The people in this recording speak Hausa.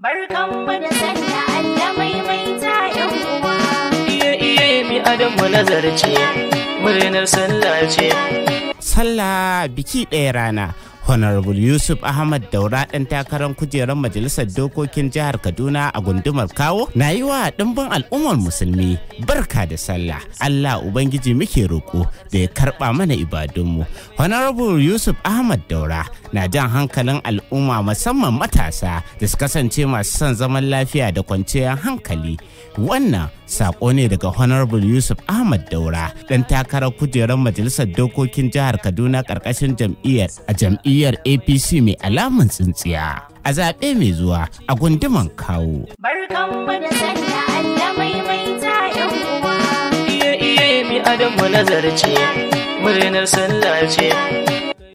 Barkanmu da sanya Allah maimaita ‘yan uwa. Iya iya bi Adamu nazarci, murnar sallah ce. Sallah biki ɗaya rana. Honorable Yusuf Ahmad Daura ɗan takarar kujerar Majalisar Dokokin Jihar Kaduna a gundumar Kawo na yi wa ɗimbin al'ummar musulmi barka da sallah. Allah Ubangiji muke roƙo da ya karɓa mana ibadunmu. Honorable Yusuf Ahmad Daura na jan hankalin al'umma musamman matasa da su kasance masu son zaman lafiya da kwanciyar hankali. Wannan saƙo ne daga Honorable Yusuf Ahmad Daura ɗan takarar kujerar Majalisar Dokokin Jihar Kaduna ƙarƙashin jam'iyyar a jam'iyyar jam'iyyar apc mai alamun tsintsiya a zaɓe mai zuwa a gunduman kawo Adamu nazarce, murnar sallah ce,